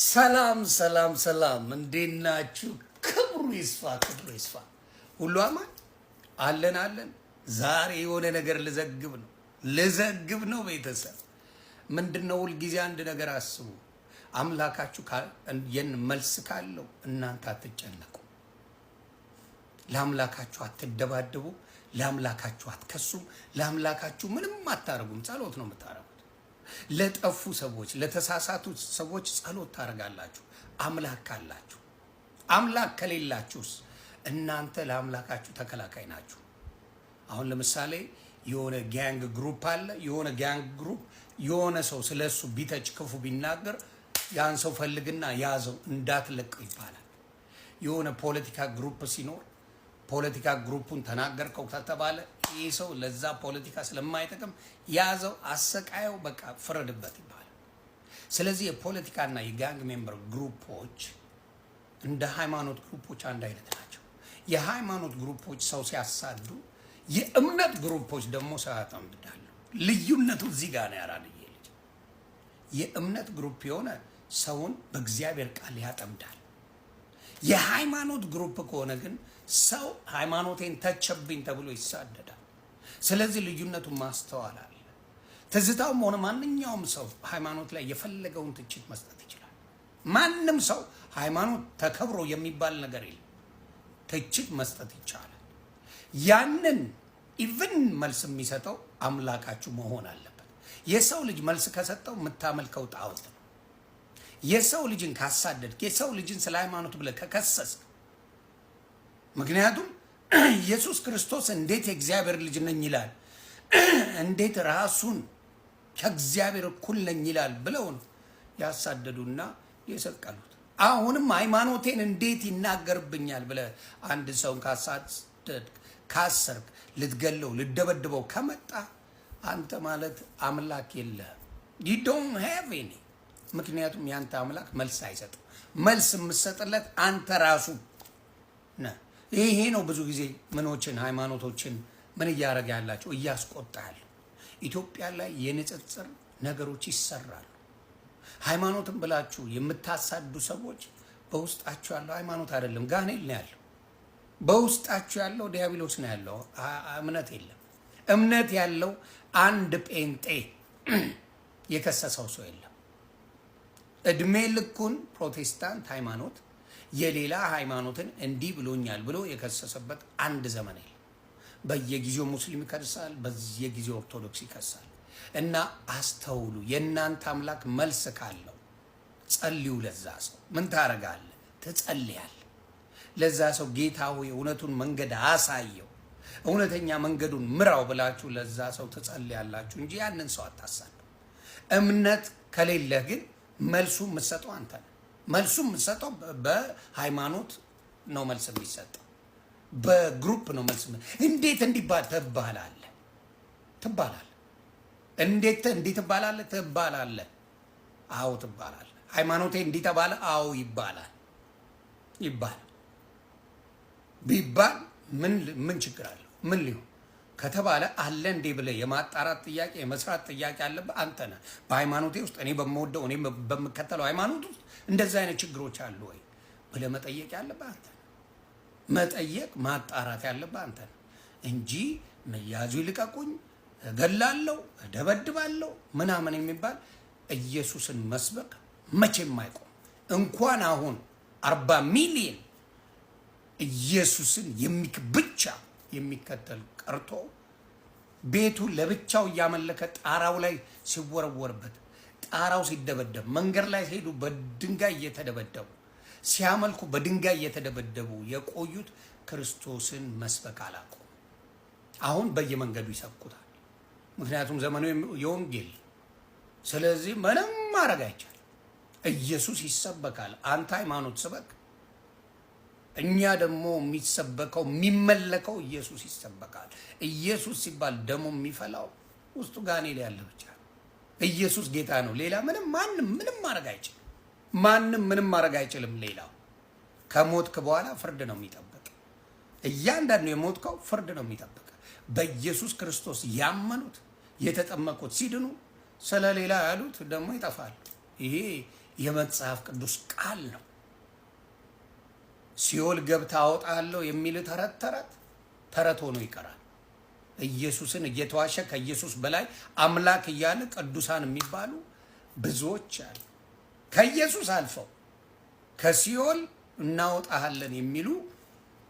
ሰላም ሰላም ሰላም፣ እንዴት ናችሁ? ክብሩ ይስፋ፣ ክብሩ ይስፋ። ሁሉ አማን አለን አለን። ዛሬ የሆነ ነገር ልዘግብ ነው፣ ልዘግብ ነው። ቤተሰብ ምንድን ነው? ሁልጊዜ አንድ ነገር አስቡ። አምላካችሁ የን መልስ ካለው እናንተ አትጨነቁ። ለአምላካችሁ አትደባደቡ። ለአምላካችሁ አትከሱም። ለአምላካችሁ ምንም አታረጉም። ጸሎት ነው የምታረጉ ለጠፉ ሰዎች ለተሳሳቱ ሰዎች ጸሎት ታደርጋላችሁ። አምላክ ካላችሁ። አምላክ ከሌላችሁስ እናንተ ለአምላካችሁ ተከላካይ ናችሁ። አሁን ለምሳሌ የሆነ ጋንግ ግሩፕ አለ። የሆነ ጋንግ ግሩፕ የሆነ ሰው ስለ እሱ ቢተች ክፉ ቢናገር ያን ሰው ፈልግና ያዘው እንዳትለቅ ይባላል። የሆነ ፖለቲካ ግሩፕ ሲኖር ፖለቲካ ግሩፑን ተናገርከው ከተባለ ይህ ሰው ለዛ ፖለቲካ ስለማይጠቅም ያዘው፣ አሰቃየው፣ በቃ ፍረድበት ይባላል። ስለዚህ የፖለቲካና የጋንግ ሜምበር ግሩፖች እንደ ሃይማኖት ግሩፖች አንድ አይነት ናቸው። የሃይማኖት ግሩፖች ሰው ሲያሳዱ፣ የእምነት ግሩፖች ደግሞ ሰው ያጠምዳሉ። ልዩነቱ እዚህ ጋር ነው። ያራድዬ ልጅ የእምነት ግሩፕ የሆነ ሰውን በእግዚአብሔር ቃል ያጠምዳል። የሃይማኖት ግሩፕ ከሆነ ግን ሰው ሃይማኖቴን ተቸብኝ ተብሎ ይሳደዳል። ስለዚህ ልዩነቱ ማስተዋል አለ። ትዝታውም ሆነ ማንኛውም ሰው ሃይማኖት ላይ የፈለገውን ትችት መስጠት ይችላል። ማንም ሰው ሃይማኖት ተከብሮ የሚባል ነገር የለም። ትችት መስጠት ይቻላል። ያንን ኢቭን መልስ የሚሰጠው አምላካችሁ መሆን አለበት። የሰው ልጅ መልስ ከሰጠው የምታመልከው ጣዖት ነው። የሰው ልጅን ካሳደድክ፣ የሰው ልጅን ስለ ሃይማኖት ብለህ ከከሰስ ምክንያቱም ኢየሱስ ክርስቶስ እንዴት የእግዚአብሔር ልጅ ነኝ ይላል፣ እንዴት ራሱን ከእግዚአብሔር እኩል ነኝ ይላል ብለው ነው ያሳደዱና የሰቀሉት። አሁንም ሃይማኖቴን እንዴት ይናገርብኛል ብለህ አንድ ሰውን ካሳደድ ካሰርክ፣ ልትገለው ልደበድበው ከመጣ አንተ ማለት አምላክ የለህም። you don't have ምክንያቱም ያንተ አምላክ መልስ አይሰጥም። መልስ የምትሰጥለት አንተ ራሱ ነህ። ይሄ ነው ብዙ ጊዜ ምኖችን ሃይማኖቶችን ምን እያደረገ ያላቸው እያስቆጣ ኢትዮጵያ ላይ የንጽጽር ነገሮች ይሰራሉ። ሃይማኖትን ብላችሁ የምታሳዱ ሰዎች በውስጣችሁ ያለው ሃይማኖት አይደለም፣ ጋኔል ነው ያለው። በውስጣችሁ ያለው ዲያብሎስ ነው ያለው። እምነት የለም። እምነት ያለው አንድ ጴንጤ የከሰሰው ሰው የለም። እድሜ ልኩን ፕሮቴስታንት ሃይማኖት የሌላ ሃይማኖትን እንዲህ ብሎኛል ብሎ የከሰሰበት አንድ ዘመን የለም። በየጊዜው ሙስሊም ይከሳል፣ በየጊዜው ኦርቶዶክስ ይከሳል። እና አስተውሉ። የእናንተ አምላክ መልስ ካለው ጸልዩ። ለዛ ሰው ምን ታረጋለህ? ትጸልያል። ለዛ ሰው ጌታ ሆይ እውነቱን መንገድ አሳየው፣ እውነተኛ መንገዱን ምራው ብላችሁ ለዛ ሰው ትጸልያላችሁ እንጂ ያንን ሰው አታሳለ። እምነት ከሌለህ ግን መልሱ የምትሰጠው አንተ ነው። መልሱ የምትሰጠው በሃይማኖት ነው። መልስ የሚሰጠው በግሩፕ ነው። መልስ እንዴት እንዲባል ትባላለ ትባላለ እንዴት እንዲህ ትባላለ ትባላለ። አዎ ትባላለ። ሃይማኖቴ እንዲህ ተባለ። አዎ ይባላል ይባላል ቢባል ምን ምን ችግር አለው? ምን ሊሆን ከተባለ አለ እንዴ ብለህ የማጣራት ጥያቄ የመስራት ጥያቄ አለብህ። አንተ ነህ በሃይማኖቴ ውስጥ እኔ በምወደው እኔ በምከተለው ሃይማኖት ውስጥ እንደዚህ አይነት ችግሮች አሉ ወይ ብለህ መጠየቅ ያለብህ አንተ ነህ። መጠየቅ ማጣራት ያለብህ አንተ ነህ እንጂ መያዙ ይልቀቁኝ፣ እገላለሁ፣ እደበድባለሁ ምናምን የሚባል ኢየሱስን መስበክ መቼም አይቆም። እንኳን አሁን አርባ ሚሊየን ኢየሱስን የሚክ ብቻ የሚከተል ቀርቶ ቤቱ ለብቻው እያመለከ ጣራው ላይ ሲወረወርበት፣ ጣራው ሲደበደብ፣ መንገድ ላይ ሲሄዱ በድንጋይ እየተደበደቡ ሲያመልኩ በድንጋይ እየተደበደቡ የቆዩት ክርስቶስን መስበክ አላቆም። አሁን በየመንገዱ ይሰብኩታል። ምክንያቱም ዘመኑ የወንጌል ስለዚህ ምንም ማድረግ አይቻልም። ኢየሱስ ይሰበካል። አንተ ሃይማኖት ስበክ እኛ ደግሞ የሚሰበከው የሚመለከው ኢየሱስ ይሰበካል። ኢየሱስ ሲባል ደሞ የሚፈላው ውስጡ ጋኔል ያለ ብቻ ኢየሱስ ጌታ ነው። ሌላ ምንም ማንም ምንም ማድረግ አይችልም። ማንም ምንም ማድረግ አይችልም። ሌላው ከሞትክ በኋላ ፍርድ ነው የሚጠብቅ። እያንዳንዱ የሞትከው ፍርድ ነው የሚጠብቅ። በኢየሱስ ክርስቶስ ያመኑት የተጠመቁት ሲድኑ፣ ስለሌላ ያሉት ደግሞ ይጠፋል። ይሄ የመጽሐፍ ቅዱስ ቃል ነው። ሲኦል ገብታ አወጣለሁ የሚል ተረት ተረት ተረት ሆኖ ይቀራል። ኢየሱስን እየተዋሸ ከኢየሱስ በላይ አምላክ እያለ ቅዱሳን የሚባሉ ብዙዎች አሉ። ከኢየሱስ አልፈው ከሲኦል እናወጣሃለን የሚሉ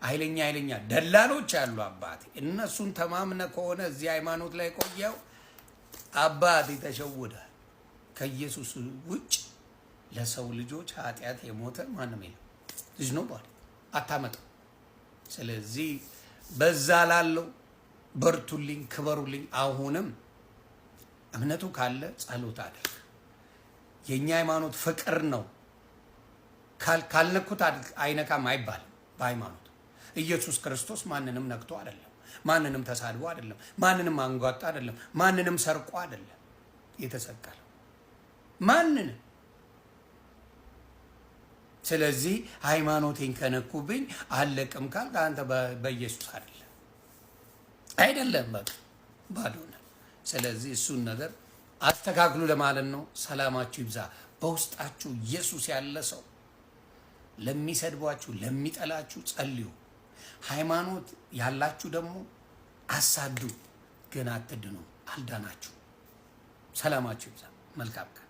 ኃይለኛ ኃይለኛ ደላሎች አሉ። አባቴ እነሱን ተማምነ ከሆነ እዚህ ሃይማኖት ላይ ቆየው አባቴ ተሸውዳል። ከኢየሱስ ውጭ ለሰው ልጆች ኃጢአት የሞተ ማንም የለም። አታመጣው። ስለዚህ በዛ ላለው በርቱልኝ፣ ክበሩልኝ። አሁንም እምነቱ ካለ ጸሎት አድርግ። የእኛ ሃይማኖት ፍቅር ነው። ካልነኩት አይነካም አይባልም። በሃይማኖት ኢየሱስ ክርስቶስ ማንንም ነክቶ አይደለም፣ ማንንም ተሳድቦ አይደለም፣ ማንንም አንጓጣ አይደለም፣ ማንንም ሰርቆ አይደለም የተሰቀለው ማንንም ስለዚህ ሃይማኖቴን ከነኩብኝ አለቅም ካል ከአንተ በኢየሱስ አይደለም አይደለም በቃ ባዶ ነው። ስለዚህ እሱን ነገር አስተካክሉ ለማለት ነው። ሰላማችሁ ይብዛ። በውስጣችሁ ኢየሱስ ያለ ሰው ለሚሰድቧችሁ፣ ለሚጠላችሁ ጸልዩ። ሃይማኖት ያላችሁ ደግሞ አሳዱ። ግን አትድኑ፣ አልዳናችሁ። ሰላማችሁ ይብዛ። መልካም